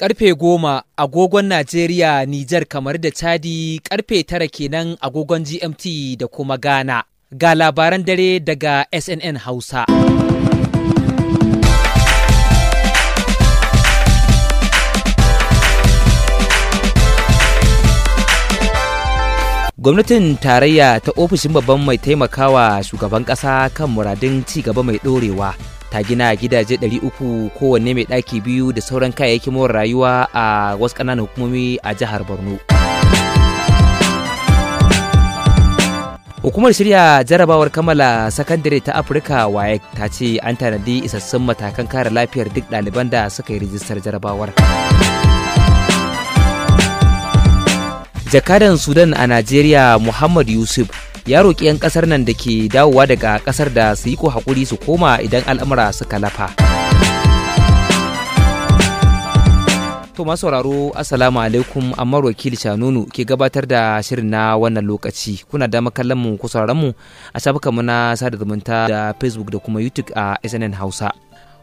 karfe goma agogon Najeriya, Nijar kamar da Chadi karfe tara kenan agogon GMT da kuma Ghana. Ga labaran dare daga SNN Hausa. gwamnatin tarayya ta ofishin babban mai taimakawa shugaban ƙasa kan muradin ci gaba mai ɗorewa. ta gina gidaje 300 kowanne mai ɗaki biyu da sauran kayayyakin more rayuwa a wasu ƙananan hukumomi a jihar borno Hukumar shirya jarabawar kammala sakandare ta Afirka WAEC ta ce an tanadi isassun matakan kare lafiyar duk ɗaliban da suka yi rijistar jarabawar. Jakadan Sudan a Najeriya Muhammad Yusuf ya roƙi 'yan ƙasar nan da ke dawowa daga ƙasar da su yi ko haƙuri su koma idan al'amura suka lafa. To masu sauraro Assalamu alaikum Ammar Wakil Shanunu ke gabatar da shirin na wannan lokaci. Kuna da makallan mu ku mu a mu na sada zumunta da Facebook da kuma YouTube a SNN Hausa.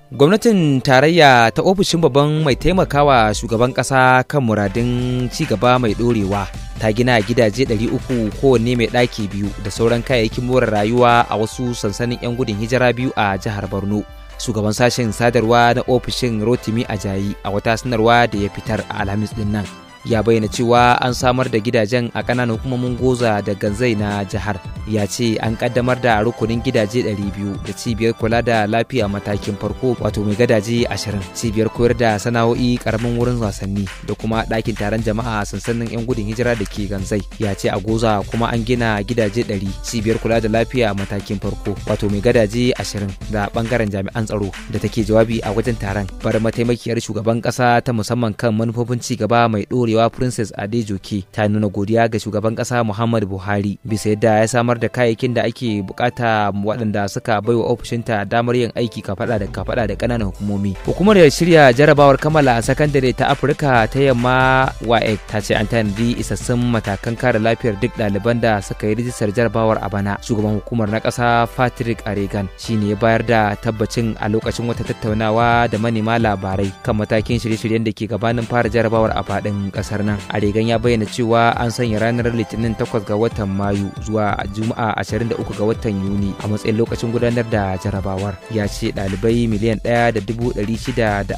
Gwamnatin tarayya ta ofishin babban mai taimakawa shugaban ƙasa kan muradin ci gaba mai ɗorewa. ta gina gidaje 300 kowanne mai ɗaki biyu da sauran kayayyakin more rayuwa a wasu sansanin 'yan gudun hijira biyu a jihar borno shugaban sashen sadarwa na ofishin rotimi ajayi a wata sanarwa da ya fitar a alhamis din nan ya bayyana cewa an samar da gidajen a ƙananan hukumomin goza da ganzai na jihar ya ce an kaddamar da rukunin gidaje 200 da cibiyar kula da lafiya matakin farko wato mai gadaje 20 cibiyar koyar da sana'o'i karamin wurin wasanni da kuma ɗakin taron jama'a sansanin 'yan gudun hijira da ke ganzai ya ce a goza kuma an gina gidaje 100 cibiyar kula da lafiya matakin farko wato mai gadaje 20 da bangaren jami'an tsaro da take jawabi a wajen taron bar mataimakiyar shugaban ƙasa ta musamman kan manufofin ci gaba mai ɗorewa cewa Princess Adejoke ta nuna godiya ga shugaban kasa Muhammad Buhari bisa yadda ya samar da kayayyakin da ake bukata waɗanda suka baiwa ofishinta damar yin aiki kafada da kafada da ƙananan hukumomi. Hukumar shirya jarabawar kammala a sakandare ta Afirka ta yamma WAEC ta ce an tanadi isassun matakan kare lafiyar duk ɗaliban da suka yi rijistar jarabawar a bana. Shugaban hukumar na ƙasa Patrick Aregan shine ya bayar da tabbacin a lokacin wata tattaunawa da manema labarai kan matakin shirye-shiryen da ke gabanin fara jarabawar a faɗin kasar nan a ya bayyana cewa an sanya ranar litinin 8 ga watan mayu zuwa juma'a 23 ga watan yuni a matsayin lokacin gudanar da jarabawar ya ce ɗalibai miliyan 1,621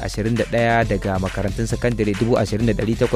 daga makarantun sakandare 20,851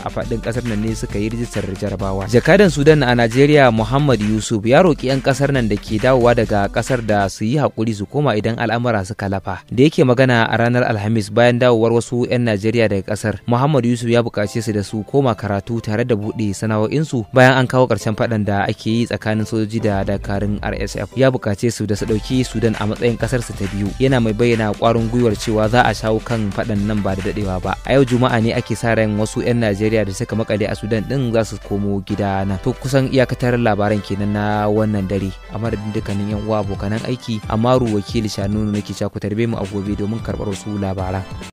a faɗin kasar nan ne suka yi rijistar jarabawa jakadan sudan a najeriya muhammad yusuf ya roƙi 'yan kasar nan da ke dawowa daga kasar da su yi haƙuri su koma idan al'amura suka lafa da yake magana a ranar alhamis bayan dawowar wasu 'yan najeriya daga kasar muhammad yusuf ya buƙace su da su koma karatu tare da buɗe sana'o'insu bayan an kawo ƙarshen faɗan da ake yi tsakanin sojoji da dakarun RSF ya buƙace su da su ɗauki Sudan a matsayin su ta biyu yana mai bayyana ƙwarin gwiwar cewa za a shawo kan faɗan nan ba da daɗewa ba a yau Juma'a ne ake sa ran wasu 'yan Najeriya da suka makale a Sudan ɗin za su komo gida na. to kusan iyakatar labaran kenan na wannan dare a madadin dukkanin 'yan uwa abokanan aiki Amaru wakili Shanunu nake ku tarbe mu a gobe domin karɓar wasu labaran